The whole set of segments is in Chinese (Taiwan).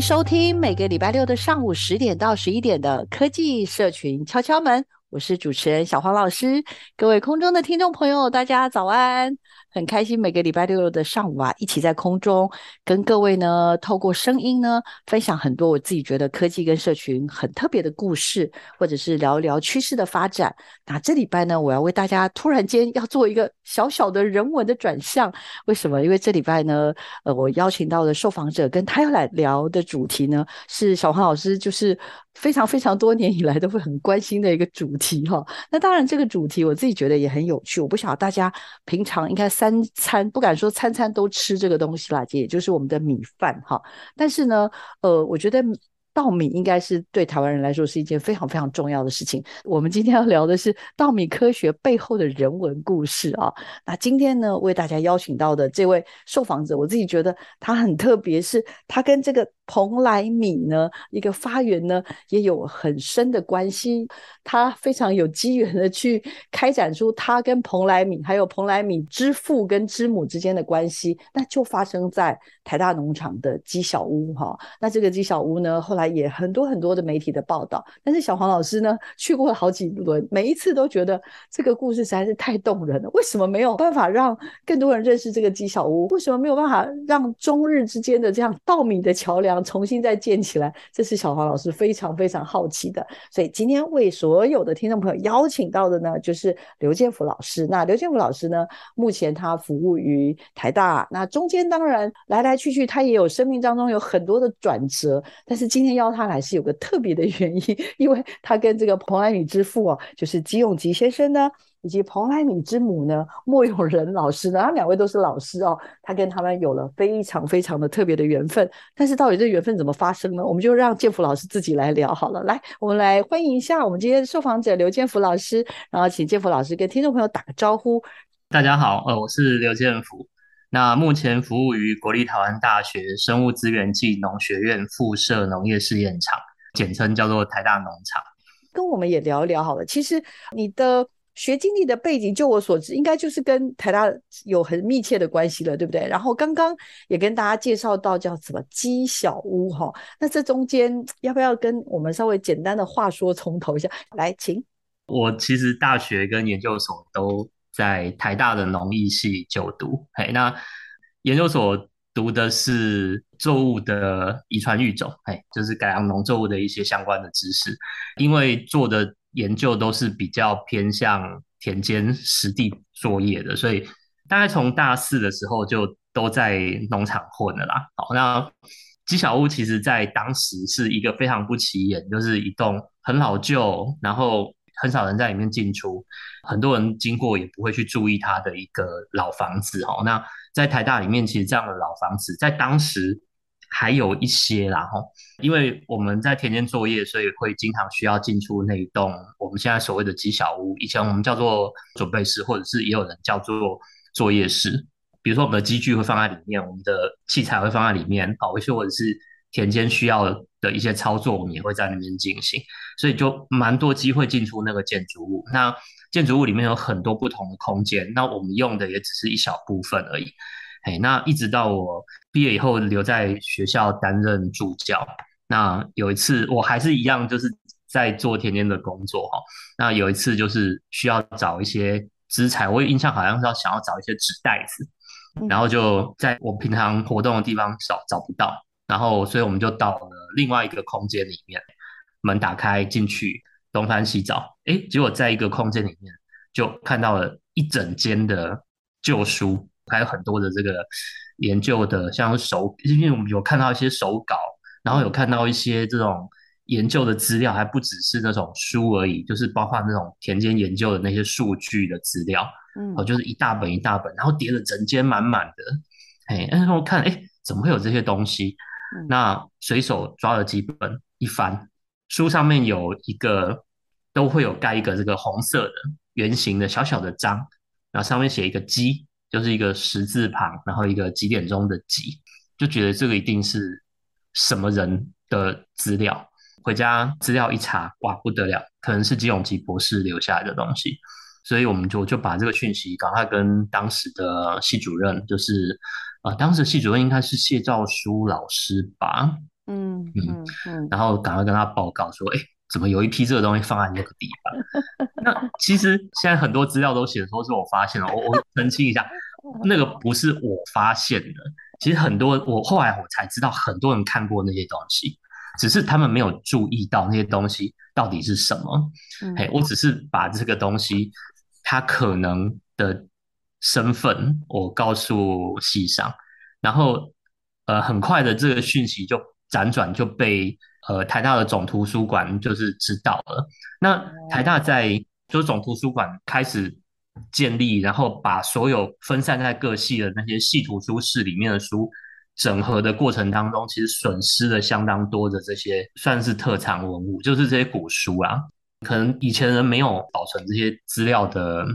收聽每個禮拜六的上午十點到十一點的科技社群敲敲門，我是主持人小黃老師，各位空中的聽眾朋友，大家早安。很開心，每個禮拜六的上午啊，一起在空中跟各位呢，透過聲音呢，分享很多我自己覺得科技跟社群很特別的故事，或者是聊一聊趨勢的發展。那這禮拜呢，我要為大家突然間要做一個小小的人文的轉向。為什麼？因為這禮拜呢，呃，我邀請到的受訪者跟他要來聊的主題呢，是小黃老師，就是。非常非常多年以來都會很關心的一個主題哈、哦，那當然這個主題我自己覺得也很有趣。我不曉得大家平常應該三餐不敢說餐餐都吃這個東西啦，也就是我們的米飯哈。但是呢，呃，我覺得。稻米應該是對台灣人來說是一件非常非常重要的事情。我們今天要聊的是稻米科學背後的人文故事啊。那今天呢，為大家邀請到的這位受訪者，我自己覺得他很特別，是他跟這個蓬萊米呢一個發源呢也有很深的關係。他非常有機緣地去開展出他跟蓬萊米，還有蓬萊米之父跟之母之間的關係，那就發生在。台大農場的磯小屋，哈，那這個磯小屋呢，後來也很多很多的媒體的報道，但是小黃老師呢，去過了好幾輪，每一次都覺得這個故事實在是太動人了。為什麼沒有辦法讓更多人認識這個磯小屋？為什麼沒有辦法讓中日之間的這樣稻米的橋樑重新再建起來？這是小黃老師非常非常好奇的。所以今天為所有的聽眾朋友邀請到的呢，就是劉建甫老師。那劉建甫老師呢，目前他服務於台大，那中間當然來來。去去他也有生命當中有很多的轉折，但是今天邀他來是有個特別的原因，因為他跟這個蓬萊米之父哦，就是磯永吉先生呢，以及蓬萊米之母呢，末永仁老師呢，他們兩位都是老師哦，他跟他們有了非常非常的特別的緣分。但是到底這緣分怎麼發生呢？我們就讓建甫老師自己來聊好了。來，我們來歡迎一下我們今天的受訪者劉建甫老師，然後請建甫老師跟聽眾朋友打個招呼。大家好，呃，我是劉建甫。那目前服務於國立臺灣大學生物資源暨農學院附設農業試驗場，簡稱叫做台大農場，跟我們也聊一聊好了。其實你的學經歷的背景，就我所知，應該就是跟台大有很密切的關係了，對不對？然後剛剛也跟大家介紹到叫什麼磯小屋哈，那這中間要不要跟我們稍微簡單的話說從頭一下來？請我其實大學跟研究所都，在台大的農藝系就讀嘿，那研究所讀的是作物的遺傳育種嘿，就是改良農作物的一些相關的知識。因為做的研究都是比較偏向田間實地作業的，所以大概從大四的時候就都在農場混了啦。好，那磯小屋其實，在當時是一個非常不起眼，就是一棟很老舊，然後。很少人在裡面進出，很多人經過也不會去注意它的一個老房子哦。那在台大裡面，其實這樣的老房子在當時還有一些啦吼。因為我們在田間作業，所以會經常需要進出那一棟我們現在所謂的磯小屋，以前我們叫做準備室，或者是也有人叫做作業室。比如說我們的機具會放在裡面，我們的器材會放在裡面哦，或者是。田間需要的一些操作，我們也會在那邊進行，所以就蠻多機會進出那個建築物。那建築物裡面有很多不同的空間，那我們用的也只是一小部分而已。嘿，那一直到我畢業以後留在學校擔任助教，那有一次我還是一樣，就是在做田間的工作哈。那有一次就是需要找一些資材，我有印象好像是要想要找一些紙袋子，然後就在我平常活動的地方找，找不到，然後，所以我們就到了另外一個空間裡面，門打開進去東，東翻西找，哎，結果在一個空間裡面就看到了一整間的舊書，還有很多的這個研究的，像手，因為我們有看到一些手稿，然後有看到一些這種研究的資料，還不只是那種書而已，就是包括那種田間研究的那些數據的資料，嗯，就是一大本一大本，然後疊了整間滿滿的，哎，但是我看，哎，怎麼會有這些東西？嗯、那隨手抓了幾本一翻，書上面有一個都會有蓋一個這個紅色的圓形的小小的章，然後上面寫一個“磯”，就是一個石字旁，然後一個幾點鐘的“幾”，就覺得這個一定是什麼人的資料。回家資料一查，哇不得了，可能是磯永吉博士留下來的東西，所以我們就我就把這個訊息趕快跟當時的系主任，就是。啊、呃，當時系主任應該是謝兆書老師吧？嗯嗯，然後趕快跟他報告說：“哎、嗯，怎麼有一批這個東西放在那個地方？” 那其實現在很多資料都寫說是我發現了，我我澄清一下， 那個不是我發現的。其實很多我後來我才知道，很多人看過那些東西，只是他們沒有注意到那些東西到底是什麼。哎、嗯，我只是把這個東西它可能的。身份，我告訴系上，然後呃，很快的這個訊息就輾轉就被呃台大的總圖書館就是知道了。那台大在就總圖書館開始建立，然後把所有分散在各系的那些系圖書室裡面的書整合的過程當中，其實損失了相當多的這些算是特藏文物，就是這些古書啊，可能以前人沒有保存這些資料的。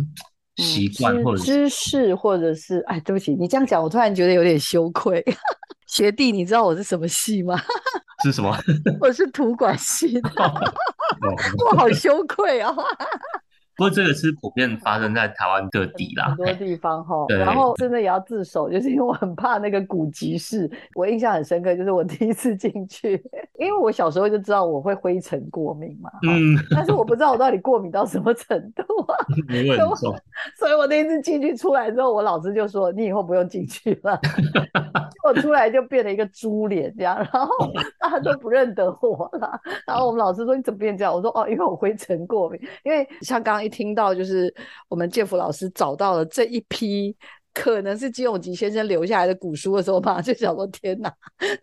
習慣，或者、嗯、知，知識，或者是……哎，對不起，你這樣講，我突然覺得有點羞愧。 學弟，你知道我是什麼系嗎？是什麼？ 我是土管系的 我好羞愧哦。 不過這個是普遍發生在台灣各地啦，很多地方哈、哦。對，然後真的也要自首，就是因為我很怕那個古籍室。我印象很深刻，就是我第一次進去，因為我小時候就知道我會灰塵過敏嘛。嗯、哦。但是我不知道我到底過敏到什麼程度啊。 所以我，所以我那一次進去出來之後，我老師就說：“你以後不用進去了。 ”結果出來就變了一個豬臉這樣，然後大家都不認得我了。 然後我們老師說：“你怎麼變這樣？”我說：“哦，因為我灰塵過敏，因為像剛。”一聽到就是我們建甫老師找到了這一批可能是磯永吉先生留下來的古書的時候吧，吧就想說：天哪，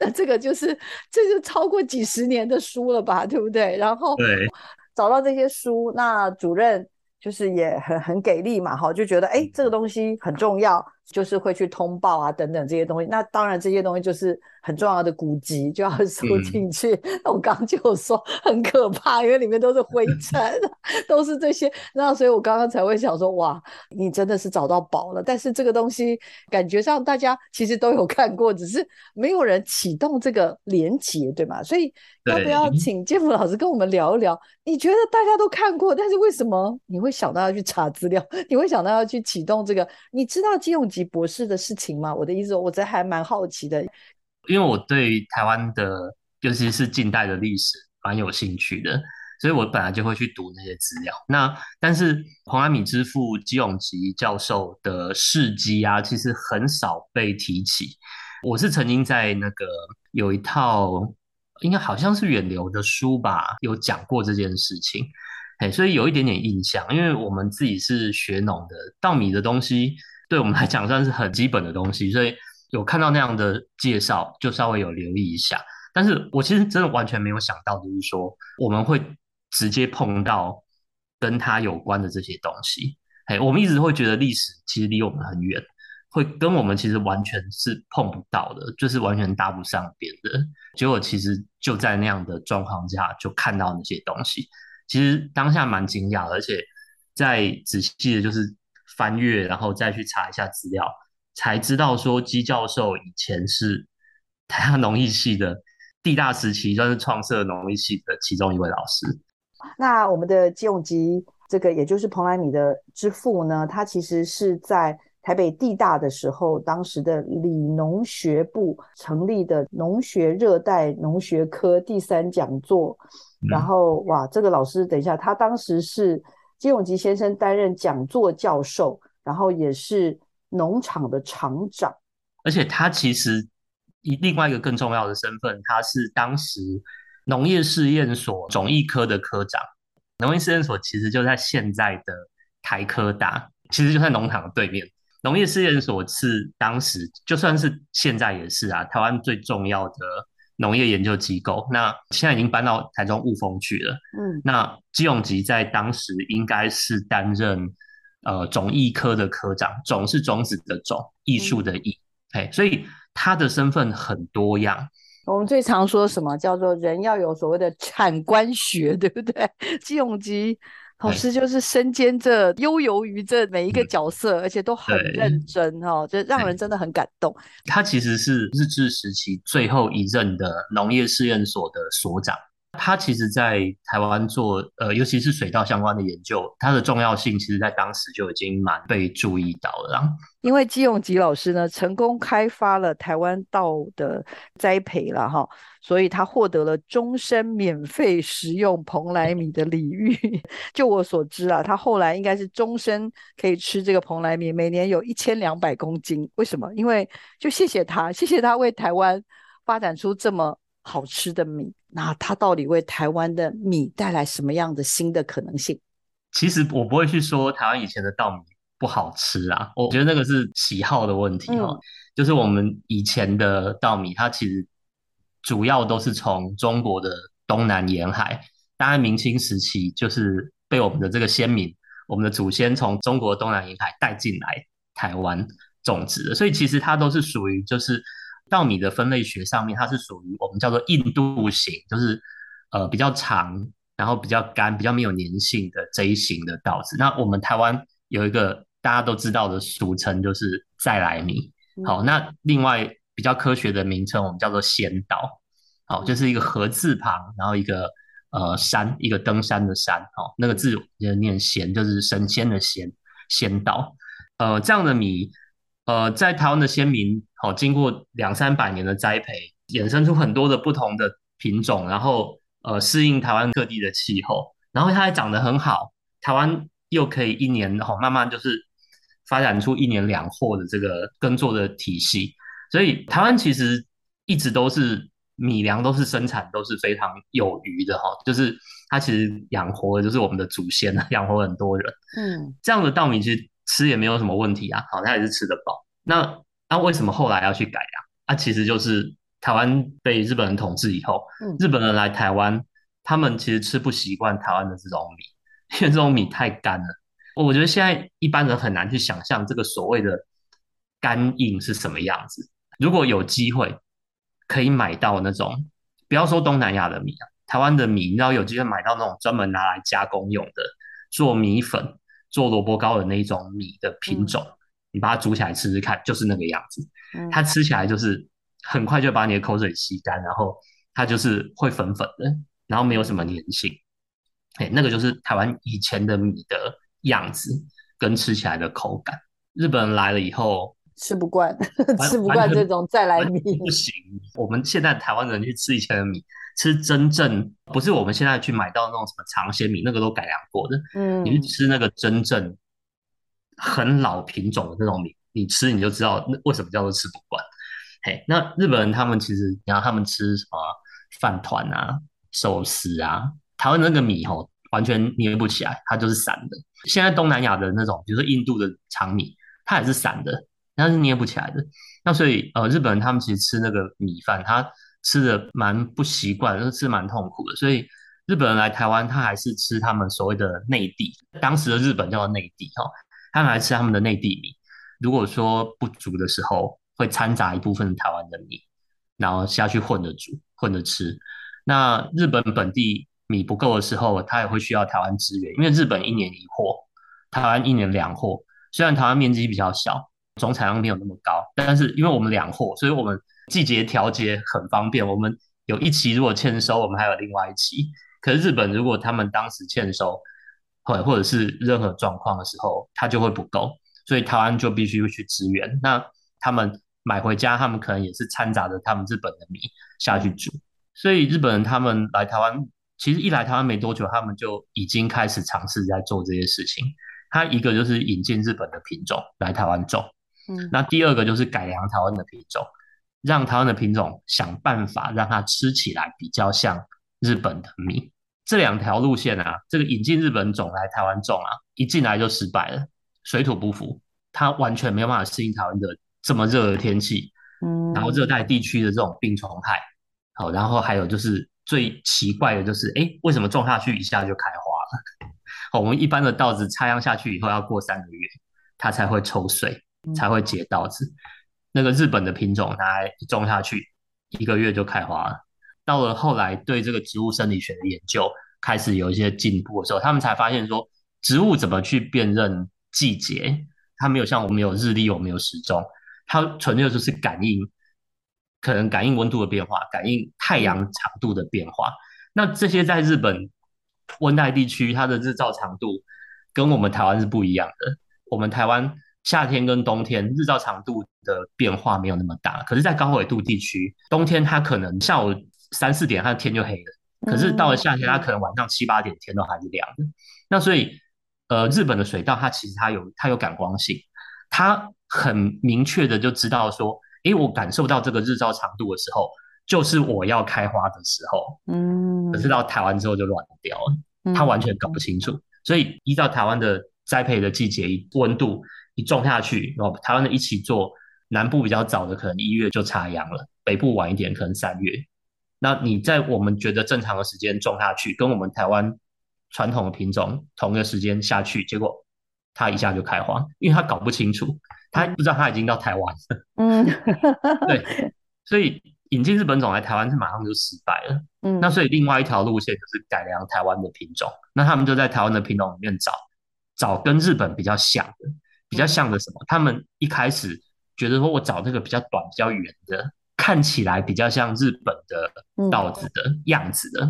那這個就是這就超過幾十年的書了吧，對不對？然後找到這些書，那主任就是也很，很給力嘛，哈，就覺得哎、欸，這個東西很重要。就是會去通報啊，等等這些東西。那當然這些東西就是很重要的古籍，就要收進去。那、嗯、 我剛剛就說很可怕，因為裡面都是灰塵，都是這些。那所以我剛剛才會想說，哇，你真的是找到寶了。但是這個東西感覺上大家其實都有看過，只是沒有人啟動這個連接，對嗎？所以要不要請建甫老師跟我們聊一聊？你覺得大家都看過，但是為什麼你會想到要去查資料？你會想到要去啟動這個？你知道金融。及博士的事情嘛，我的意思，我這還蠻好奇的，因為我對台灣的，尤其是近代的歷史，蠻有興趣的，所以我本來就會去讀那些資料。那但是蓬萊米之父磯永吉教授的事蹟啊，其實很少被提起。我是曾經在那個有一套，應該好像是遠流的書吧，有講過這件事情，哎，所以有一點點印象。因為我們自己是學農的，稻米的東西。對我們來講算是很基本的東西，所以有看到那樣的介紹，就稍微有留意一下。但是我其實真的完全沒有想到，就是說我們會直接碰到跟他有關的這些東西。哎，我們一直會覺得歷史其實離我們很遠，會跟我們其實完全是碰不到的，就是完全搭不上邊的。結果其實就在那樣的狀況下，就看到那些東西，其實當下蠻驚訝，而且再仔細的就是。翻閱，然後再去查一下資料，才知道說磯教授以前是台灣農藝系的帝大時期，算是創設農藝系的其中一位老師。那我們的磯永吉，這個也就是蓬萊米的之父呢，他其實是在台北帝大的時候，當時的理農學部成立的農學熱帶農學科第三講座。嗯、然後哇，這個老師，等一下，他當時是。磯永吉先生擔任講座教授，然後也是農場的場長，而且他其實以另外一個更重要的身份，他是當時農業試驗所種藝科的科長。農業試驗所其實就在現在的台科大，其實就在農場的對面。農業試驗所是當時，就算是現在也是啊，台灣最重要的。農業研究機構，那現在已經搬到台中霧峰去了。嗯，那磯永吉在當時應該是擔任呃種藝科的科長，種是種子的種，藝術的藝，嗯，所以他的身份很多樣。我們最常說什麼叫做人要有所謂的產官學，對不對？磯永吉。老師就是身兼着悠游於這每一個角色，而且都很認真哦，就讓人真的很感動。他其實是日治時期最後一任的農業試驗所的所長，他其實，在台灣做呃，尤其是水稻相關的研究，他的重要性其實，在當時就已經蠻被注意到了。因為磯永吉老師呢，成功開發了台灣稻的栽培了哈。所以他獲得了終身免費食用蓬萊米的禮遇。就我所知啊，他後來應該是終身可以吃這個蓬萊米，每年有一千兩百公斤。為什麼？因為就謝謝他，謝謝他為台灣發展出這麼好吃的米。那他到底為台灣的米帶來什麼樣的新的可能性？其實我不會去說台灣以前的稻米不好吃啊，我覺得那個是喜好的問題啊，嗯。就是我們以前的稻米，它其實。主要都是從中國的東南沿海，大概明清時期，就是被我們的這個先民，我們的祖先從中國的東南沿海帶進來台灣種植的。所以其實它都是屬於，就是稻米的分類學上面，它是屬於我們叫做印度型，就是呃比較長，然後比較乾，比較沒有粘性的這一型的稻子。那我們台灣有一個大家都知道的俗稱，就是在來米。嗯、好，那另外比較科學的名稱，我們叫做秈稻，好、哦，就是一個“禾”字旁，然後一個呃山，一個登山的山，哦，那個字也念“仙”，就是神仙的“仙”，秈稻。呃，這樣的米，呃，在台灣的先民，好、哦，經過兩三百年的栽培，衍生出很多的不同的品種，然後呃，適應台灣各地的氣候，然後它還長得很好，台灣又可以一年，好、哦，慢慢就是發展出一年兩穫的這個耕作的體系。所以台灣其實一直都是米糧，都是生產，都是非常有餘的哈。就是它其實養活了，就是我們的祖先，養活了很多人。嗯，這樣的稻米其實吃也沒有什麼問題啊，好像，它也是吃得飽。那那、啊、為什麼後來要去改啊？啊，其實就是台灣被日本人統治以後，嗯、日本人來台灣，他們其實吃不習慣台灣的這種米，因為這種米太乾了。我覺得現在一般人很難去想象這個所謂的乾硬是什麼樣子。如果有機會可以買到那種，不要說東南亞的米啊，台灣的米，你要有機會買到那種專門拿來加工用的，做米粉、做蘿蔔糕的那種米的品種，嗯，你把它煮起來吃吃看，就是那個樣子。嗯、它吃起來就是很快就把你的口水吸乾，然後它就是會粉粉的，然後沒有什麼粘性。哎、欸，那個就是台灣以前的米的樣子跟吃起來的口感。日本人來了以後，吃不慣，吃不慣這種在來米不行。我們現在台灣人去吃以前的米，吃真正不是我們現在去買到那種什麼長秈米，那個都改良過的。嗯，你去吃那個真正很老品種的那種米，你吃你就知道為什麼叫做吃不慣。嘿，那日本人他們其實，你看他們吃什麼飯糰啊、壽司啊，啊、台灣那個米吼完全捏不起來，它就是散的。現在東南亞的那種，比如說印度的長米，它也是散的。那是捏不起來的。那所以呃，日本人他們其實吃那個米飯，他吃的蠻不習慣，都吃蠻痛苦的。所以日本人來台灣，他還是吃他們所謂的內地，當時的日本叫做內地哈、哦，他們還吃他們的內地米。如果說不足的時候，會摻雜一部分台灣的米，然後下去混着煮，混着吃。那日本本地米不夠的時候，他也會需要台灣支援，因為日本一年一穫，台灣一年兩穫。雖然台灣面積比較小。總產量沒有那麼高，但是因為我們兩穫，所以我們季節調節很方便。我們有一期如果欠收，我們還有另外一期。可是日本如果他們當時欠收，或或者是任何狀況的時候，它就會不夠，所以台灣就必須去支援。那他們買回家，他們可能也是摻雜着他們日本的米下去煮。所以日本人他們來台灣，其實一來台灣沒多久，他們就已經開始嘗試在做這些事情。他一個就是引進日本的品種來台灣種。嗯，那第二個就是改良台灣的品種，讓台灣的品種想辦法讓它吃起來比較像日本的米。這兩條路線啊，這個引進日本種來台灣種啊，一進來就失敗了，水土不服，它完全沒有辦法適應台灣的這麼熱的天氣。嗯，然後熱帶地區的這種病蟲害，好，然後還有就是最奇怪的就是，哎、欸，為什麼種下去一下就開花了？我們一般的稻子插秧下去以後要過三個月，它才會抽穗。才會結稻子。那個日本的品種拿來種下去，一個月就開花了。到了後來，對這個植物生理學的研究開始有一些進步的時候，他們才發現說，植物怎麼去辨認季節？它沒有像我們有日曆，我們有時鐘，它純粹就是感應，可能感應溫度的變化，感應太陽長度的變化。那這些在日本溫帶地區，它的日照長度跟我們台灣是不一樣的。我們台灣。夏天跟冬天日照長度的變化沒有那麼大，可是，在高緯度地區，冬天它可能下午三四點它的天就黑了，嗯、可是到了夏天，它可能晚上七八點天都還是亮的、嗯。那所以，呃，日本的水稻它其實它有它有感光性，它很明確的就知道說，誒、欸、我感受到這個日照長度的時候，就是我要開花的時候。嗯，可是到台灣之後就亂掉了，了、嗯，它完全搞不清楚。嗯、所以依照台灣的栽培的季節溫度。你種下去，那台灣的一起做。南部比較早的，可能一月就插秧了；北部晚一點，可能三月。那你在我們覺得正常的時間種下去，跟我們台灣傳統的品種同一個時間下去，結果它一下就開花，因為它搞不清楚，它不知道它已經到台灣了。嗯， 對。所以引進日本種來台灣是馬上就失敗了。嗯。那所以另外一條路線就是改良台灣的品種。那他們就在台灣的品種裡面找找跟日本比較像的。比較像的什麼？他們一開始覺得說，我找那個比較短、比較圓的，看起來比較像日本的稻子的、嗯、樣子的、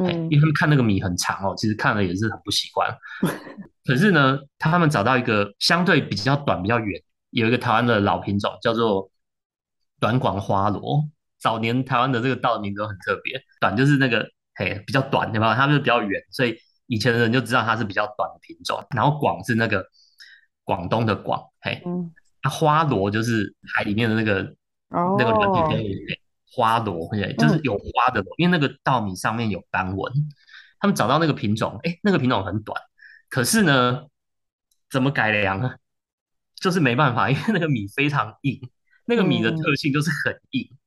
嗯。因為他們看那個米很長哦，其實看了也是很不習慣。 可是呢，他們找到一個相對比較短、比較圓，有一個台灣的老品種叫做短廣花螺。早年台灣的這個稻名都很特別，短就是那個嘿比較短對吧？它就比較圓，所以以前的人就知道它是比較短的品種。然後廣是那個。廣東的廣，嘿、欸，它、啊、花螺就是海裡面的那個、oh. 那個那個花螺、欸、就是有花的。因為那個稻米上面有斑紋，他們找到那個品種，哎、欸，那個品種很短，可是呢，怎麼改良呢？就是沒辦法，因為那個米非常硬，那個米的特性就是很硬，mm.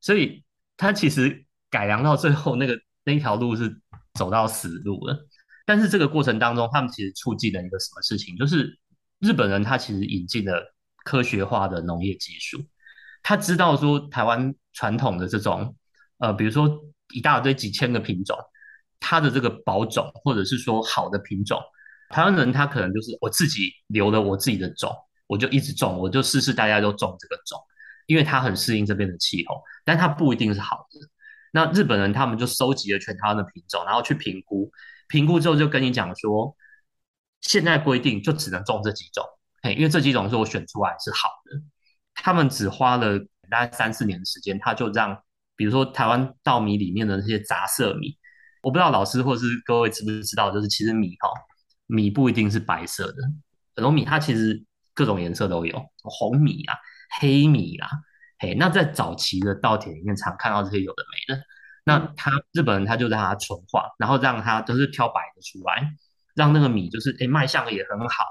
所以它其實改良到最後、那個，那個那條路是走到死路了。但是這個過程當中，他們其實促進了一個什麼事情，就是。日本人他其實引進了科學化的農業技術，他知道說台灣傳統的這種，呃，比如說一大堆幾千個品種，它的這個保種或者是說好的品種，台灣人他可能就是我自己留了我自己的種，我就一直種，我就世世代代都種這個種，因為它很適應這邊的氣候，但它不一定是好的。那日本人他們就收集了全台灣的品種，然後去評估，評估之後就跟你講說。現在規定就只能種這幾種嘿，因為這幾種是我選出來是好的。他們只花了大概三四年的時間，他就讓，比如說台灣稻米裡面的那些雜色米，我不知道老師或是各位知不知道，就是其實米哈米不一定是白色的，很多米它其實各種顏色都有，紅米啊、黑米啊，嘿，那在早期的稻田裡面常看到這些有的沒的。那他日本人他就讓它純化，然後讓它都是挑白的出來。讓那個米就是誒、欸、賣相也很好，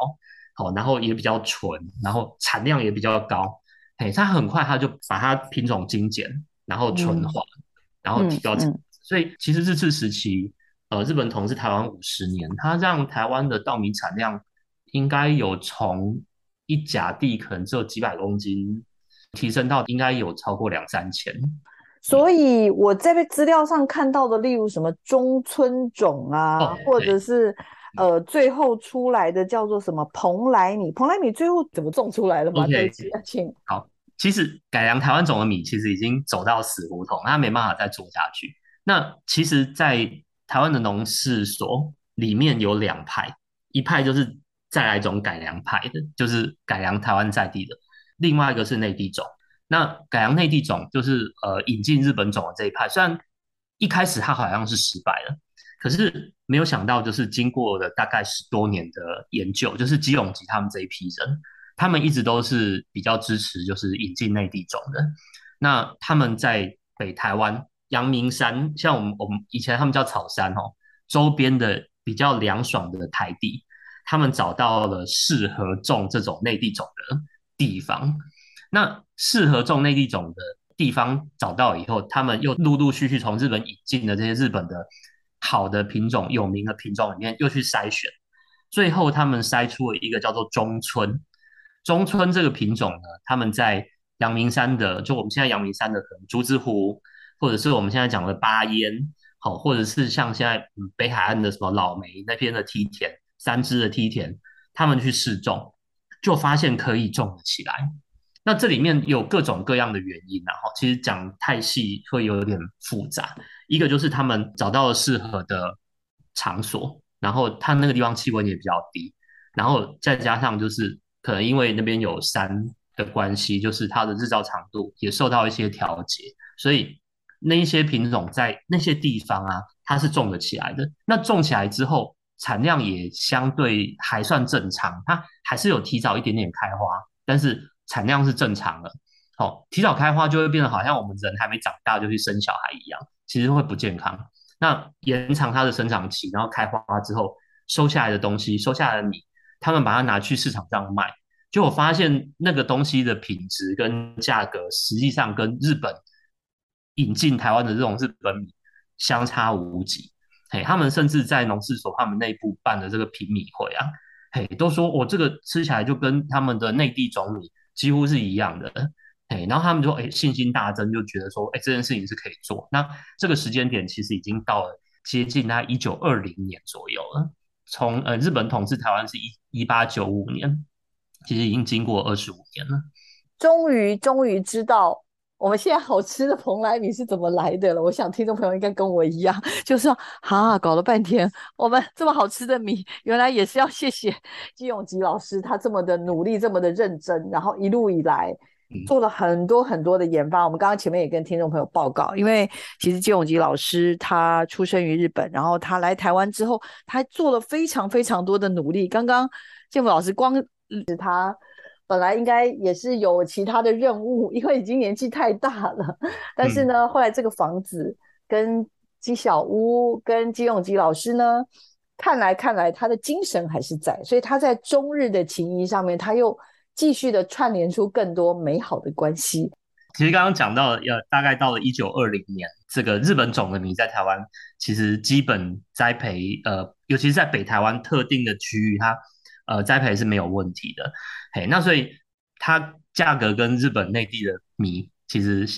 好、哦、然後也比較純，然後產量也比較高，誒、欸、他很快他就把它品種精簡，然後純化、嗯，然後提高產、嗯嗯、所以其實日治時期，呃日本統治台灣五十年，他讓台灣的稻米產量應該有從一甲地可能只有幾百公斤，提升到應該有超過兩三千。所以我在這資料上看到的，例如什麼中村種啊，嗯、或者是。呃，最後出來的叫做什麼？蓬萊米。蓬萊米最後怎麼種出來的嗎？OK，對，請。好，其實改良台灣種的米，其實已經走到死胡同，它沒辦法再做下去。那其實，在台灣的農事所裡面有兩派，一派就是再來種改良派的，就是改良台灣在地的；另外一個是內地種。那改良內地種就是呃引進日本種的這一派，雖然一開始它好像是失敗了。可是沒有想到，就是經過了大概十多年的研究，就是磯永吉他們這一批人，他們一直都是比較支持，就是引進內地種的。那他們在北台灣陽明山，像我們我們以前他們叫草山哦，周邊的比較涼爽的台地，他們找到了適合種這種內地種的地方。那適合種內地種的地方找到以後，他們又陸陸續續從日本引進了這些日本的。好的品種、有名的品種裡面又去篩選，最後他們篩出了一個叫做中村。中村這個品種呢，他們在陽明山的，就我們現在陽明山的竹子湖，或者是我們現在講的八煙，好、哦，或者是像現在、嗯、北海岸的什麼老梅那邊的梯田、三芝的梯田，他們去試種，就發現可以種起來。那這裡面有各種各樣的原因、啊，然後其實講太細會有點複雜。一個就是他們找到了適合的場所，然後它那個地方氣溫也比較低，然後再加上就是可能因為那邊有山的關係，就是它的日照長度也受到一些調節，所以那一些品種在那些地方啊，它是種得起來的。那種起來之後，產量也相對還算正常，它還是有提早一點點開花，但是產量是正常的。好、哦，提早開花就會變得好像我們人還沒長大就去生小孩一樣。其實會不健康。那延長它的生長期，然後開花之後收下來的東西，收下來的米，他們把它拿去市場上賣，就我發現那個東西的品質跟價格，實際上跟日本引進台灣的這種日本米相差無幾。嘿，他們甚至在農事所他們內部辦的這個品米會啊，嘿，都說我、哦、這個吃起來就跟他們的內地種米幾乎是一樣的。然後他們就說：“哎，信心大增，就覺得說，哎，這件事情是可以做。”那這個時間點其實已經到了接近那一九二零年左右了。從呃日本統治台灣是一一八九五年，其實已經經過二十五年了。終於，終於知道我們現在好吃的蓬萊米是怎麼來的了。我想聽眾朋友應該跟我一樣，就是說：“哈、啊，搞了半天，我們這麼好吃的米，原來也是要謝謝磯永吉老師他這麼的努力，這麼的認真，然後一路以來。”做了很多很多的研發，我們剛剛前面也跟聽眾朋友報告，因為其實磯永吉老師他出生於日本，然後他來台灣之後，他做了非常非常多的努力。剛剛建甫老師光指、嗯、他本來應該也是有其他的任務，因為已經年紀太大了，但是呢，後來這個房子跟磯小屋跟磯永吉老師呢，看來看來他的精神還是在，所以他在中日的情誼上面，他又。繼續的串聯出更多美好的關係。其實剛剛講到，要、呃、大概到了一九二零年，這個日本種的米在台灣其實基本栽培，呃，尤其是在北台灣特定的區域，它呃栽培是沒有問題的。嘿，那所以它價格跟日本內地的米其實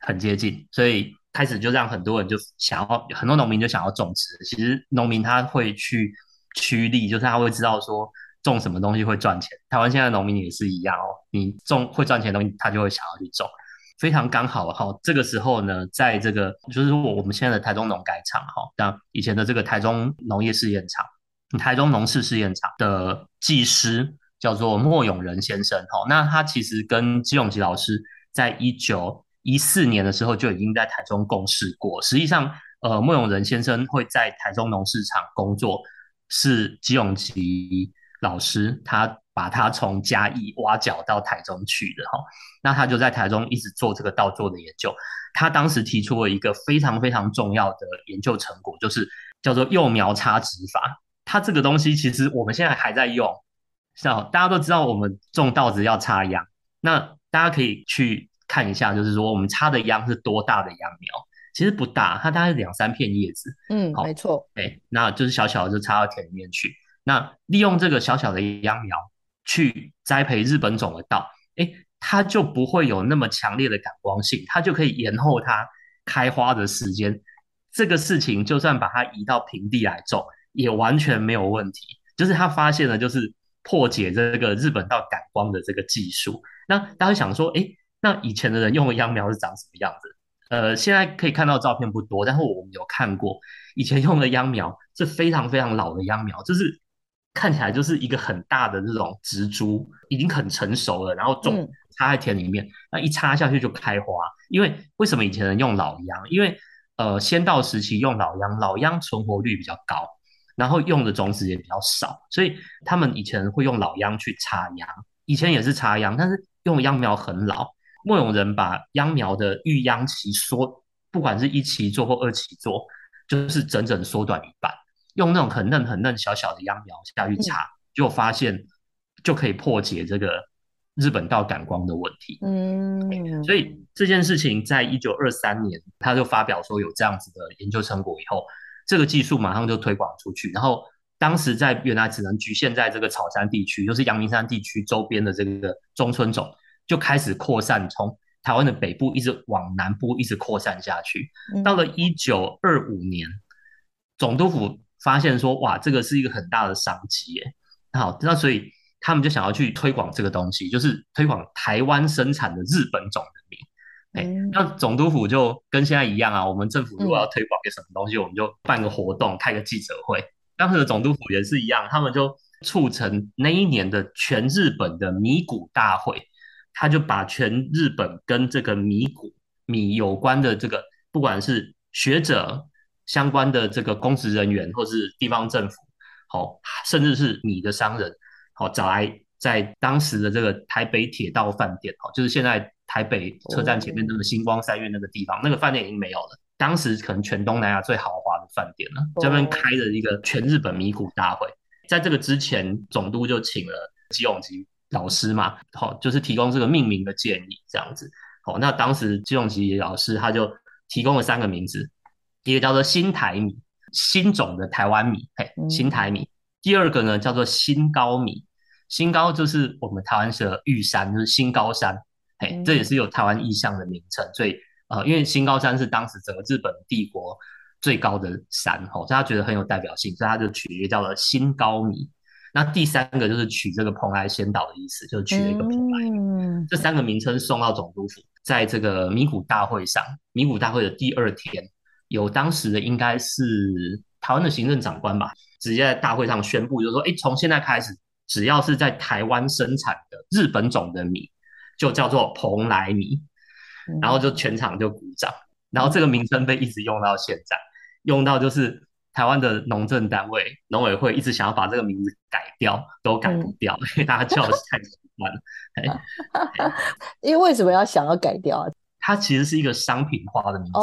很接近，所以開始就讓很多人就想要，很多農民就想要種植。其實農民他會去趨利，就是他會知道說。種什麼東西會賺錢？台灣現在的農民也是一樣哦。你種會賺錢的東西，他就會想要去種，非常剛好哈。這個時候呢，在這個就是我們現在的台中農改場哈，像以前的這個台中農業試驗場、台中農事試驗場的技師叫做末永仁先生哈。那他其實跟磯永吉老師在一九一四年的時候就已經在台中共事過。實際上，呃，末永仁先生會在台中農事場工作，是磯永吉，老師他把他從嘉義挖角到台中去的哈，那他就在台中一直做這個稻作的研究。他當時提出了一個非常非常重要的研究成果，就是叫做幼苗插植法。它這個東西其實我們現在還在用，是啊，大家都知道我們種稻子要插秧，那大家可以去看一下，就是說我們插的秧是多大的秧苗，其實不大，它大概兩三片葉子。嗯，好，沒錯，哎，那就是小小的就插到田裡面去。那利用這個小小的秧苗去栽培日本種的稻，哎，它就不會有那麼強烈的感光性，它就可以延後它開花的時間。這個事情就算把它移到平地來種，也完全沒有問題。就是他發現了，就是破解這個日本稻感光的這個技術。那大家想說，哎，那以前的人用的秧苗是長什麼樣子？呃，現在可以看到照片不多，但是我們有看過以前用的秧苗是非常非常老的秧苗，就是。看起來就是一個很大的這種植株，已經很成熟了，然後種插在田裡面，嗯、那一插下去就開花。因為為什麼以前人用老秧？因為呃，先到時期用老秧，老秧存活率比較高，然後用的種子也比較少，所以他們以前會用老秧去插秧。以前也是插秧，但是用秧苗很老。末永仁把秧苗的育秧期縮，不管是一期做或二期做，就是整整縮短一半。用那種很嫩、很嫩、小小的秧苗下去插，就發現就可以破解這個日本稻感光的問題。嗯，所以這件事情在一九二三年，他就發表說有這樣子的研究成果以後，這個技術馬上就推廣出去。然後當時在原來只能局限在這個草山地區，就是陽明山地區周邊的這個中村種，就開始擴散，從台灣的北部一直往南部一直擴散下去。嗯，到了一九二五年，總督府。發現說哇，這個是一個很大的商機耶。好，那所以他們就想要去推廣這個東西，就是推廣台灣生產的日本種的米。嗯。哎，那總督府就跟現在一樣啊，我們政府如果要推廣一個什麼東西，嗯，我們就辦個活動，開個記者會。當時的總督府也是一樣，他們就促成那一年的全日本的米谷大會，他就把全日本跟這個米谷米有關的這個，不管是學者。相關的這個公職人員或是地方政府，好，甚至是米的商人，好，找來在當時的這個台北鐵道飯店，好，就是現在台北車站前面那個新光三越那個地方，oh. 那個飯店已經沒有了。當時可能全東南亞最豪華的飯店了，oh. 這邊開了一個全日本米谷大會。在這個之前，總督就請了磯永吉老師嘛，好，就是提供這個命名的建議，這樣子。好，那當時磯永吉老師他就提供了三個名字。一個叫做新臺米，新種的臺灣米，嘿，新臺米。嗯、第二個呢叫做新高米，新高就是我們臺灣的玉山，就是新高山，嘿、嗯，這也是有臺灣意象的名稱。所以呃，因為新高山是當時整個日本帝國最高的山吼，哦、所以他覺得很有代表性，所以他就取一個叫做新高米。那第三個就是取這個蓬萊仙島的意思，就是取了一個蓬萊、嗯。這三個名稱送到總督府，在這個米穀大會上，米穀大會的第二天。有當時的應該是台灣的行政長官吧，直接在大會上宣布，就是說：“哎、欸，從現在開始，只要是在台灣生產的日本種的米，就叫做蓬萊米。”然後就全場就鼓掌，嗯、然後這個名稱被一直用到現在，嗯、用到就是台灣的農政單位農委會一直想要把這個名字改掉，都改不掉，嗯、因為大家叫的太喜歡了 因為為什麼要想要改掉啊？它其實是一個商品化的名稱，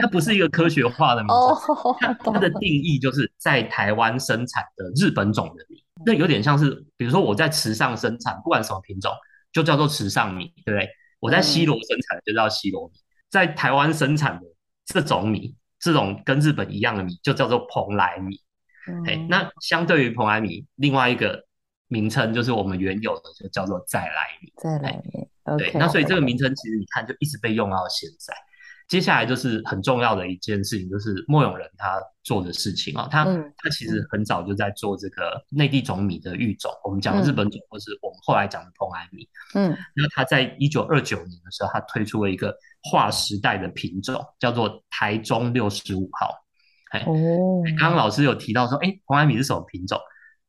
它不是一個科學化的名稱。Oh 嗯、它，它的定義就是在台灣生產的日本種的米，那有點像是，比如說我在池上生產，不管什麼品種，就叫做池上米，對不對？我在西螺生產的就叫西螺米，嗯，在台灣生產的這種米，這種跟日本一樣的米，就叫做蓬萊米，嗯。那相對於蓬萊米，另外一個名稱就是我們原有的，就叫做在來米。在來米。哎 Okay, okay. 對，那所以這個名稱其實你看就一直被用到現在。Okay, okay. 接下來就是很重要的一件事情，就是末永仁他做的事情啊，oh, 他、嗯、他其實很早就在做這個內地種米的育種。嗯、我們講日本種，或是我們後來講的蓬萊米。嗯。那他在一九二九年的時候，他推出了一個劃時代的品種，叫做台中六十五號。哦。剛剛老師有提到說，哎、欸，蓬萊米是什麼品種？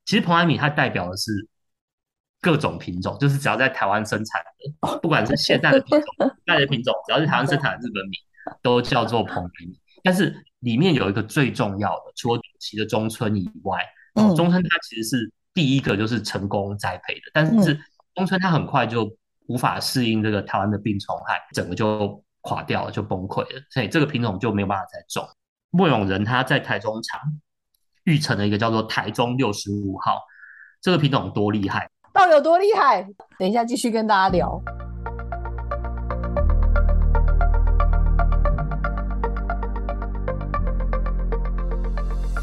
其實蓬萊米它代表的是。各種品種，就是只要在台灣生產的，不管是現在的品種、那 些品種，只要是台灣生產的日本米，都叫做蓬萊米。但是裡面有一個最重要的，除了早期的中村以外，中村它其實是第一個就是成功栽培的，嗯、但是，是中村它很快就無法適應這個台灣的病蟲害、嗯，整個就垮掉了，就崩潰了，所以這個品種就沒有辦法再種。末永仁他在台中場育成了一個叫做台中六十五號，這個品種多厲害！到、哦、底有多厲害？等一下繼續跟大家聊。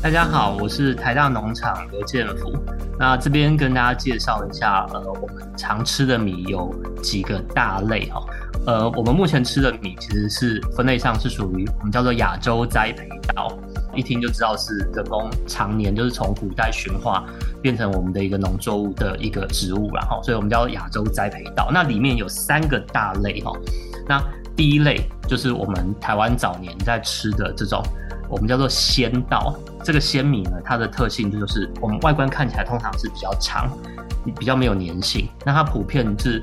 大家好，我是台大農場劉建甫。那這邊跟大家介紹一下，呃，我們常吃的米有幾個大類哦。呃，我們目前吃的米其實是分類上是屬於我們叫做亞洲栽培稻。一聽就知道是人工常年，就是從古代馴化變成我們的一個農作物的一個植物，然後，所以我們叫做亞洲栽培稻。那裡面有三個大類哦。那第一類就是我們台灣早年在吃的這種，我們叫做秈稻。這個秈米呢，它的特性就是我們外觀看起來通常是比較長，比較沒有黏性。那它普遍是。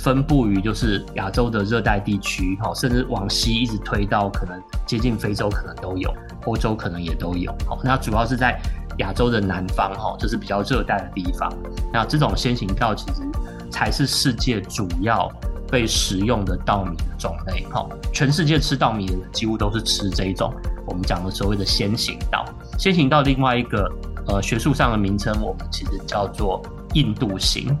分布於就是亞洲的熱帶地區，哈，甚至往西一直推到可能接近非洲，可能都有；歐洲可能也都有。好，那主要是在亞洲的南方，哈，就是比較熱帶的地方。那這種秈型稻，其實才是世界主要被食用的稻米的種類，哈。全世界吃稻米的人幾乎都是吃這一種，我們講的所謂的秈型稻。秈型稻另外一個呃學術上的名稱，我們其實叫做印度型。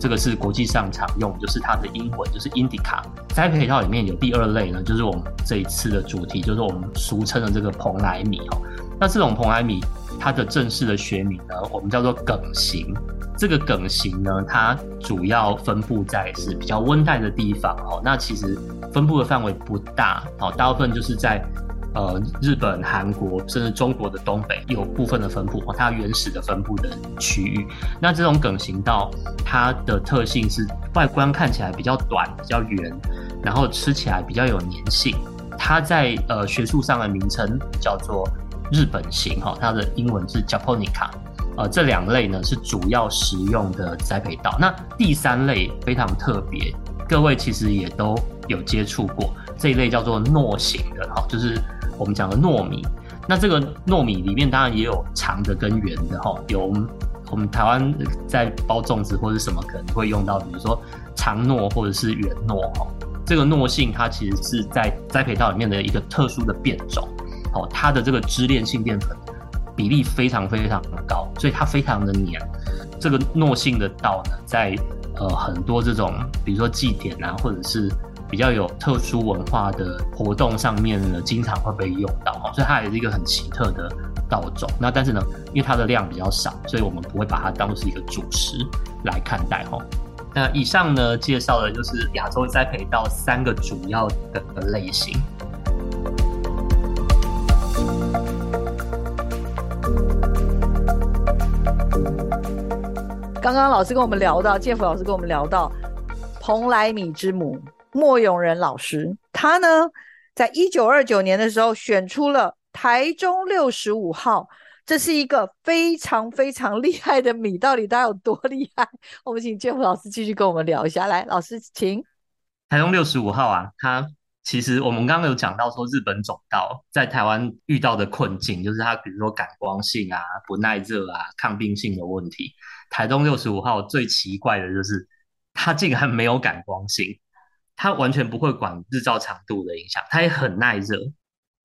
這個是國際上常用，就是它的英文，就是 indica。栽培套裡面有第二類呢，就是我們這一次的主題，就是我們俗稱的這個蓬萊米哈。那這種蓬萊米，它的正式的學名呢，我們叫做粳型。這個粳型呢，它主要分布在是比較溫帶的地方哦。那其實分布的範圍不大哦，大部分就是在。呃，日本、韓國，甚至中國的東北有部分的分布，哦，它原始的分布的區域。那這種粳型稻，它的特性是外觀看起來比較短、比較圓，然後吃起來比較有粘性它在呃學術上的名稱叫做日本型，哈、哦，它的英文是 Japonica。呃，這兩類呢是主要食用的栽培稻。那第三類非常特別，各位其實也都有接觸過，這一類叫做糯型的，哈、哦，就是。我們講的糯米，那這個糯米裡面當然也有長的跟圓的哈，有、哦、我們台灣在包粽子或者什麼可能會用到，比如說長糯或者是圓糯哈、哦。這個糯性它其實是在栽培稻裡面的一個特殊的變種，哦，它的這個支鏈性澱粉比例非常非常的高，所以它非常的黏。這個糯性的稻呢，在呃很多這種比如說祭典啊，或者是。比較有特殊文化的活動上面呢，經常會被用到哈，所以它也是一個很奇特的稻種。那但是呢，因為它的量比較少，所以我們不會把它當作是一個主食來看待哈。那以上呢，介紹的就是亞洲栽培稻三個主要的類型。剛剛老師跟我們聊到，建甫老師跟我們聊到，蓬萊米之母。末永仁老師，他呢，在一九二九年的時候選出了台中六十五號，這是一個非常非常厲害的米。到底它有多厲害？我們請建甫老師繼續跟我們聊一下。來，老師，請。台中六十五號啊，它其實我們剛剛有講到說，日本種稻在台灣遇到的困境，就是它比如說感光性啊、不耐熱啊、抗病性的問題。台中六十五號最奇怪的就是，它竟然沒有感光性。它完全不會管日照長度的影響，它也很耐熱。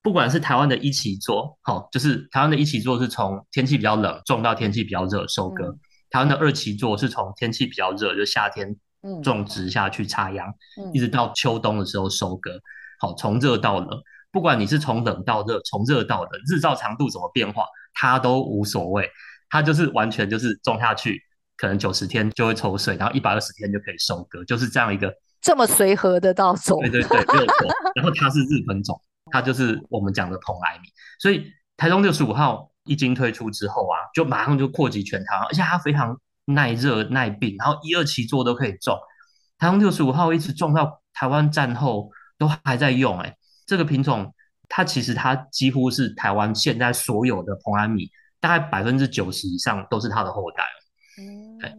不管是台灣的一期作，好，就是台灣的一期作是從天氣比較冷種到天氣比較熱收割；嗯、台灣的二期作是從天氣比較熱，就夏天種植下去插秧、嗯嗯，一直到秋冬的時候收割。好，從熱到冷，不管你是從冷到熱，從熱到冷，日照長度怎麼變化，它都無所謂。它就是完全就是種下去，可能九十天就會抽穗，然後一百二十天就可以收割，就是這樣一個。這麼隨和的稻種， 對對對，就是、然後它是日本種，它 就是我們講的蓬萊米。所以台中六十五號一經推出之後啊，就馬上就擴及全台，而且它非常耐熱耐病，然後一二期作都可以種。台中六十五號一直種到台灣戰後都還在用、欸。哎，這個品種它其實它幾乎是台灣現在所有的蓬萊米，大概百分之九十以上都是它的後代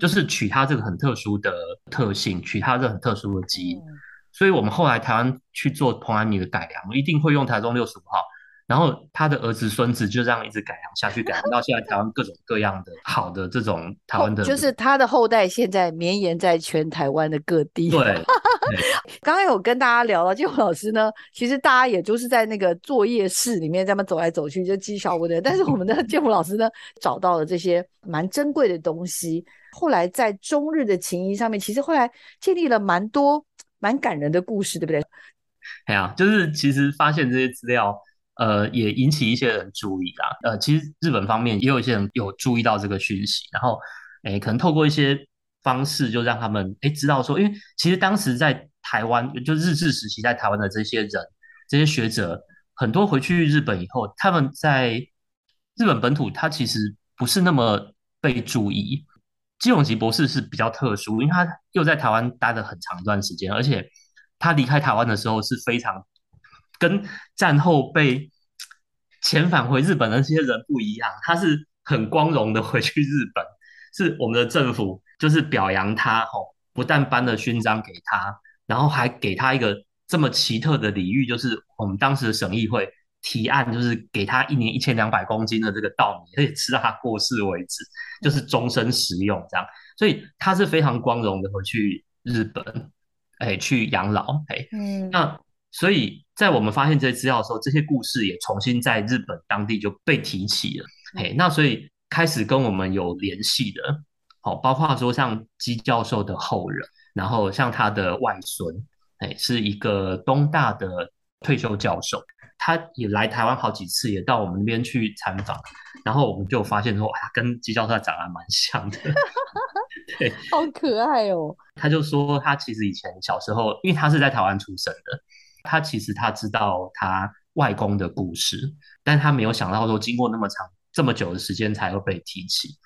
就是取它這個很特殊的特性，取它這很特殊的基因、嗯，所以我們後來台灣去做蓬萊米的改良，我一定會用台中六十五號，然後他的兒子、孫子就這樣一直改良下去，改良到現在台灣各種各樣的好的這種台灣的、哦，就是他的後代現在綿延在全台灣的各地，對。 剛剛有跟大家聊到建甫老師呢，其實大家也就是在那個作業室裡面這麼走來走去，就見怪不怪，但是我們的 建甫老師呢，找到了這些蠻珍貴的東西。後來在中日的情誼上面，其實後來建立了蠻多蠻感人的故事，對不對？對啊，就是其實發現這些資料，呃，也引起一些人注意啊。呃，其實日本方面也有一些人有注意到這個訊息，然後，哎、呃，可能透過一些。方式就讓他們哎，知道說，因為其實當時在台灣，就日治時期在台灣的這些人、這些學者，很多回去日本以後，他們在日本本土他其實不是那麼被注意。磯永吉博士是比較特殊，因為他又在台灣待了很長一段時間，而且他離開台灣的時候是非常跟戰後被遣返回日本的這些人不一樣，他是很光榮的回去日本，是我們的政府，就是表揚他，吼，不但頒了勳章給他，然後還給他一個這麼奇特的禮遇，就是我們當時的省議會提案，就是給他一年一千兩百公斤的這個稻米，可以吃到他過世為止，就是終身食用這樣。所以他是非常光榮的回去日本，欸、去養老，欸嗯、那所以在我們發現這些資料的時候，這些故事也重新在日本當地就被提起了，欸、那所以開始跟我們有聯繫的。哦，包括說像磯教授的後人，然後像他的外孫，哎、欸，是一個東大的退休教授，他也來台灣好幾次，也到我們那邊去參訪，然後我們就發現說，哇、啊，跟磯教授長得蠻像的， 對，好可愛哦。他就說，他其實以前小時候，因為他是在台灣出生的，他其實他知道他外公的故事，但他沒有想到說，經過那麼長這麼久的時間才會被提起。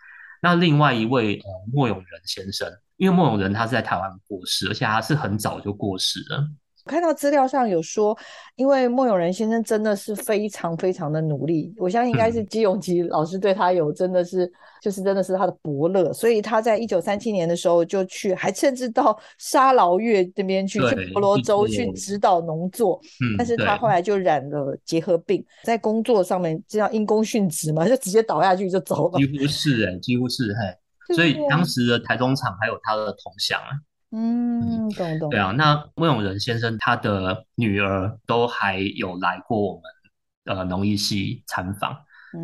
那另外一位呃、嗯、末永仁先生，因為末永仁他是在台灣過世，而且他是很早就過世了。我看到資料上有說，因為末永仁先生真的是非常非常的努力，我相信應該是磯永吉老師對他有真的是、嗯、就是真的是他的伯樂，所以他在一九三七年的時候就去，還甚至到沙勞越那邊去，去婆羅洲去指導農作。嗯，但是他後來就染了結核病、嗯，在工作上面這樣因公殉職嘛，就直接倒下去就走了。幾乎是哎，幾乎是嘿，所以當時的台中廠還有他的同鄉啊。嗯，懂懂。對啊，嗯、那末永仁先生他的女兒都還有來過我們呃農藝系參訪，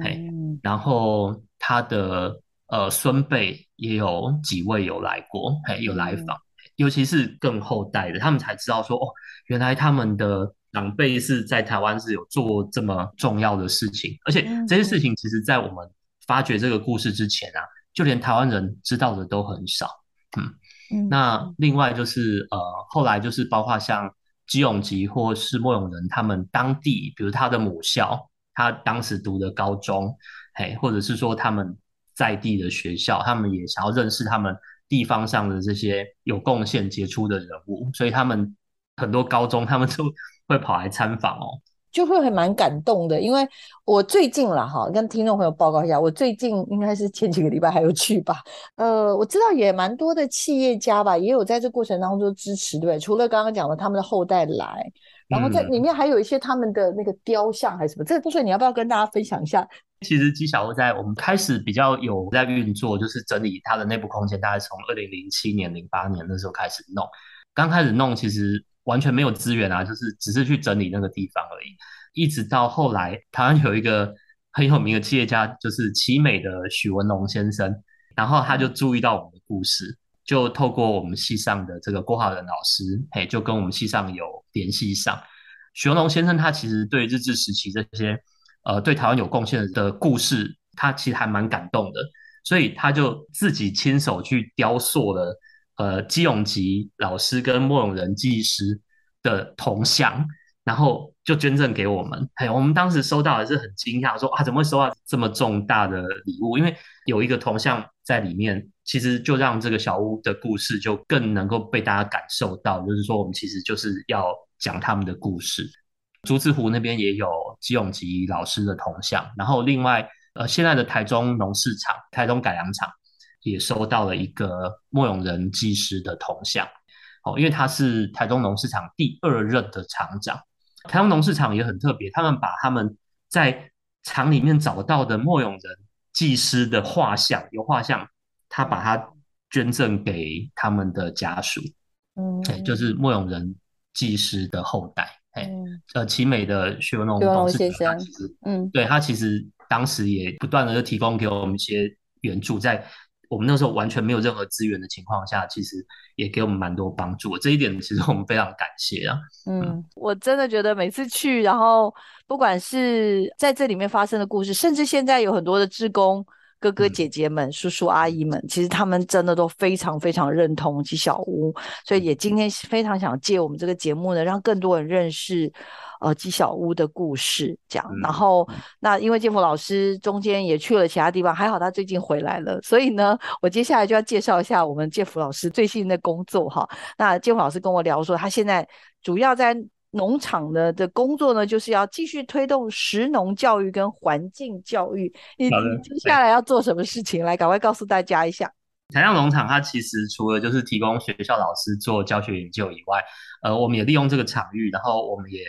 哎、嗯，然後他的呃孫輩也有幾位有來過，嘿有來訪、嗯，尤其是更後代的，他們才知道說哦，原來他們的長輩是在台灣是有做這麼重要的事情，而且這些事情其實在我們發掘這個故事之前啊，嗯、就連台灣人知道的都很少，嗯。 那另外就是呃，後來就是包括像磯永吉或是末永仁他們當地，比如他的母校，他當時讀的高中，嘿，或者是說他們在地的學校，他們也想要認識他們地方上的這些有貢獻傑出的人物，所以他們很多高中，他們就會跑來參訪哦。就會很蠻感動的，因為我最近了哈，跟聽眾朋友報告一下，我最近應該是前幾個禮拜還有去吧，呃，我知道也蠻多的企業家吧，也有在這過程當中支持，對不對？除了剛剛講的，他們的後代來，然後在裡面還有一些他們的那個雕像還是什麼，嗯，這個部分你要不要跟大家分享一下？其實磯小屋在我們開始比較有在運作，就是整理它的內部空間，大概從二零零七年、零八年那時候開始弄，剛開始弄其實。完全沒有資源啊，就是只是去整理那個地方而已。一直到後來，台灣有一個很有名的企業家，就是奇美的許文龍先生，然後他就注意到我們的故事，就透過我們系上的這個郭華仁老師，嘿，就跟我們系上有聯繫上。許文龍先生他其實對日治時期這些呃對台灣有貢獻的故事，他其實還蠻感動的，所以他就自己親手去雕塑了。呃，磯永吉老師跟末永仁技師的銅像，然後就捐贈給我們。嘿、hey,，我們當時收到還是很驚訝，說啊怎麼會收到這麼重大的禮物？因為有一個銅像在裡面，其實就讓這個小屋的故事就更能夠被大家感受到。就是說，我們其實就是要講他們的故事。竹子湖那邊也有磯永吉老師的銅像，然後另外呃，現在的台中農事場、台中改良場。也收到了一個末永仁技師的銅像，哦，因為他是台中農事場第二任的廠長。台中農事場也很特別，他們把他們在廠裡面找到的末永仁技師的畫像，油畫像，他把它捐贈給他們的家屬，嗯，對，就是末永仁技師的後代，哎、嗯，呃，奇美的許文龍董事長其實，嗯，對他其實當時也不斷的就提供給我們一些援助，在。我們那時候完全沒有任何資源的情況下，其實也給我們蠻多幫助，這一點其實我們非常感謝啊嗯。嗯，我真的覺得每次去，然後不管是在這裡面發生的故事，甚至現在有很多的志工。哥哥姐姐們、嗯、叔叔阿姨們，其實他們真的都非常非常認同磯小屋，所以也今天非常想借我們這個節目呢，讓更多人認識呃磯小屋的故事這樣。講、嗯、然後那因為建甫老師中間也去了其他地方，還好他最近回來了，所以呢，我接下來就要介紹一下我們建甫老師最新的工作哈。那建甫老師跟我聊說，他現在主要在。農場的的工作呢，就是要繼續推動食農教育跟環境教育。你接下來要做什麼事情？嗯、來，趕快告訴大家一下。台江農場它其實除了就是提供學校老師做教學研究以外，呃，我們也利用這個場域，然後我們也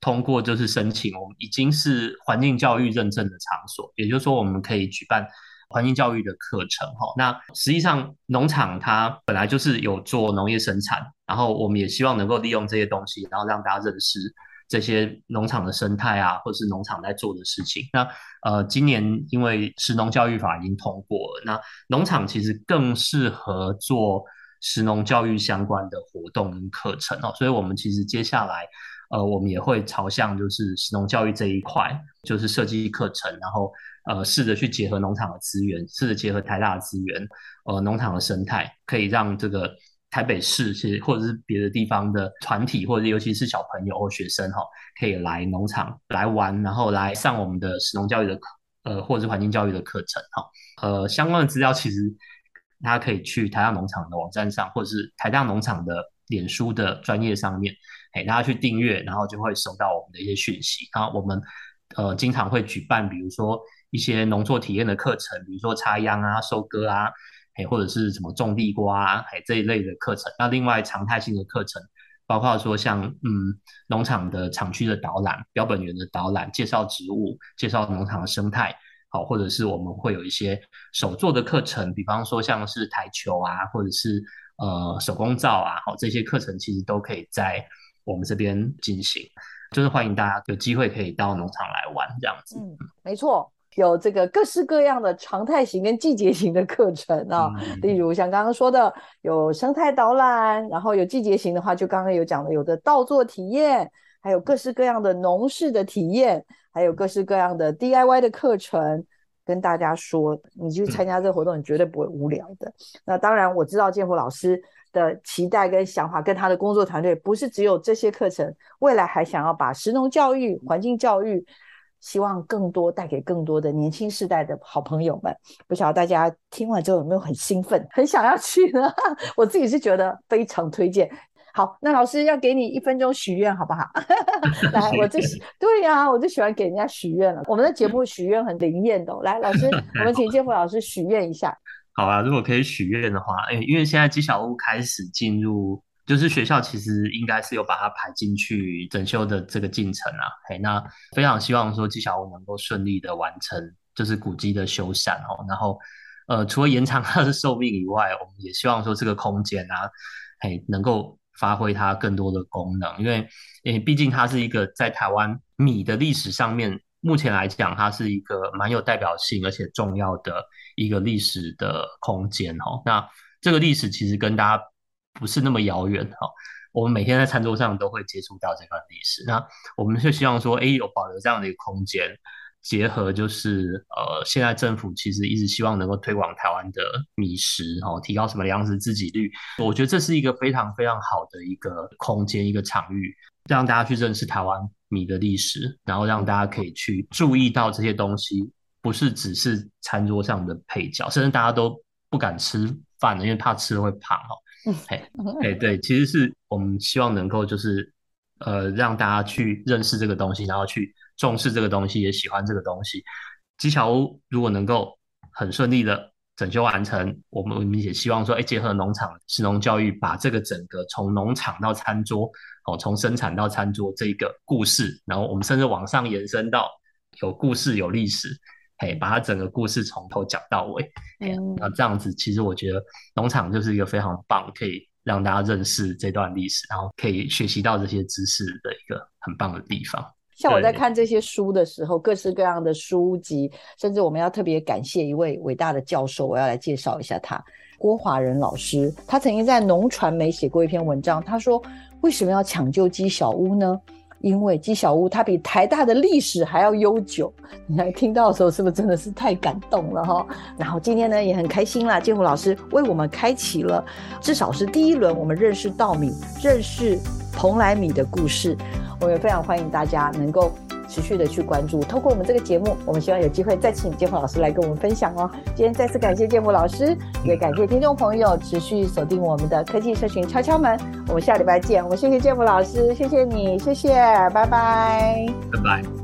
通過就是申請，我們已經是環境教育認證的場所，也就是說我們可以舉辦環境教育的課程哈。那實際上農場它本來就是有做農業生產。然後我們也希望能夠利用這些東西，然後讓大家認識這些農場的生態啊，或是農場在做的事情。那呃，今年因為食農教育法已經通過了，那農場其實更適合做食農教育相關的活動課程哦，所以我們其實接下來呃，我們也會朝向就是食農教育這一塊，就是設計課程，然後呃，試着去結合農場的資源，試着結合台大的資源，呃，農場的生態，可以讓這個。台北市其實或者是別的地方的團體，或者尤其是小朋友或學生哈、哦，可以來農場來玩，然後來上我們的食農教育的課，呃，或者是環境教育的課程哈、哦。呃，相關的資料其實大家可以去台大農場的網站上，或者是台大農場的臉書的專頁上面，給大家去訂閱，然後就會收到我們的一些訊息。然後我們呃經常會舉辦，比如說一些農作體驗的課程，比如說插秧啊、收割啊。哎，或者是什麼種地瓜、啊，哎這一類的課程。那另外常態性的課程，包括說像嗯農場的廠區的導覽、標本園的導覽、介紹植物、介紹農場的生態，好、哦，或者是我們會有一些手做的課程，比方說像是台球啊，或者是呃手工皂啊，好、哦，這些課程其實都可以在我們這邊進行。就是歡迎大家有機會可以到農場來玩，這樣子。嗯，沒錯。有這個各式各樣的常態型跟季節型的課程啊、哦嗯，例如像剛剛說的，有生態導覽，然後有季節型的話，就剛剛有講的，有的稻作體驗，還有各式各樣的農事的體驗，還有各式各樣的 DIY 的課程。跟大家說，你去參加這個活動，你絕對不會無聊的。嗯、那當然，我知道建福老師的期待跟想法，跟他的工作團隊不是只有這些課程，未來還想要把食農教育、環境教育。希望更多帶給更多的年輕世代的好朋友們，不曉得大家聽完之後有沒有很興奮，很想要去呢？ 我自己是覺得非常推薦。好，那老師要給你一分鐘許願，好不好？ 來，我最對呀、啊，我最喜歡給人家許願了。我們的節目許願很靈驗的，來，老師，我們請建甫老師許願一下。 好啊，如果可以許願的話、欸，因為現在磯小屋開始進入。就是學校其實應該是有把它排進去整修的這個進程啊，嘿，那非常希望說磯小屋能夠順利的完成，就是古蹟的修繕哦。然後，呃，除了延長它的壽命以外，我們也希望說這個空間啊，哎，能夠發揮它更多的功能，因為，因、呃、畢竟它是一個在台灣米的歷史上面，目前來講它是一個蠻有代表性而且重要的一個歷史的空間哦。那這個歷史其實跟大家不是那麼遙遠哈，我們每天在餐桌上都會接觸到這段歷史。那我們就希望說，哎，有保留這樣的一個空間，結合就是呃，現在政府其實一直希望能夠推廣台灣的米食，哈，提高什麼糧食自給率。我覺得這是一個非常非常好的一個空間，一個場域，讓大家去認識台灣米的歷史，然後讓大家可以去注意到這些東西，不是只是餐桌上的配角，甚至大家都不敢吃飯了，因為怕吃了會胖哈。哎 哎、hey, hey, 對，其實是我們希望能夠就是，呃，讓大家去認識這個東西，然後去重視這個東西，也喜歡這個東西。磯小屋如果能夠很順利的整修完成，我們我們也希望說，哎、欸，結合農場食農教育，把這個整個從農場到餐桌，哦，從生產到餐桌這一個故事，然後我們甚至往上延伸到有故事、有歷史。把他整個故事從頭講到尾。那、嗯、這樣子，其實我覺得農場就是一個非常棒，可以讓大家認識這段歷史，然後可以學習到這些知識的一個很棒的地方。像我在看這些書的時候，各式各樣的書籍，甚至我們要特別感謝一位偉大的教授，我要來介紹一下他——郭華仁老師。他曾經在農傳媒寫過一篇文章，他說：“為什麼要搶救磯小屋呢？”因為磯小屋它比台大的歷史還要悠久，你來聽到的時候是不是真的是太感動了哈？然後今天呢也很開心啦，建甫老師為我們開啟了至少是第一輪我們認識稻米、認識蓬萊米的故事，我也非常歡迎大家能夠。持續的去關注，透過我們這個節目，我們希望有機會再請建甫老師來跟我們分享哦。今天再次感謝建甫老師，也感謝聽眾朋友持續鎖定我們的科技社群敲敲門。我們下禮拜見，我們謝謝建甫老師，謝謝你，謝謝，拜拜，拜拜。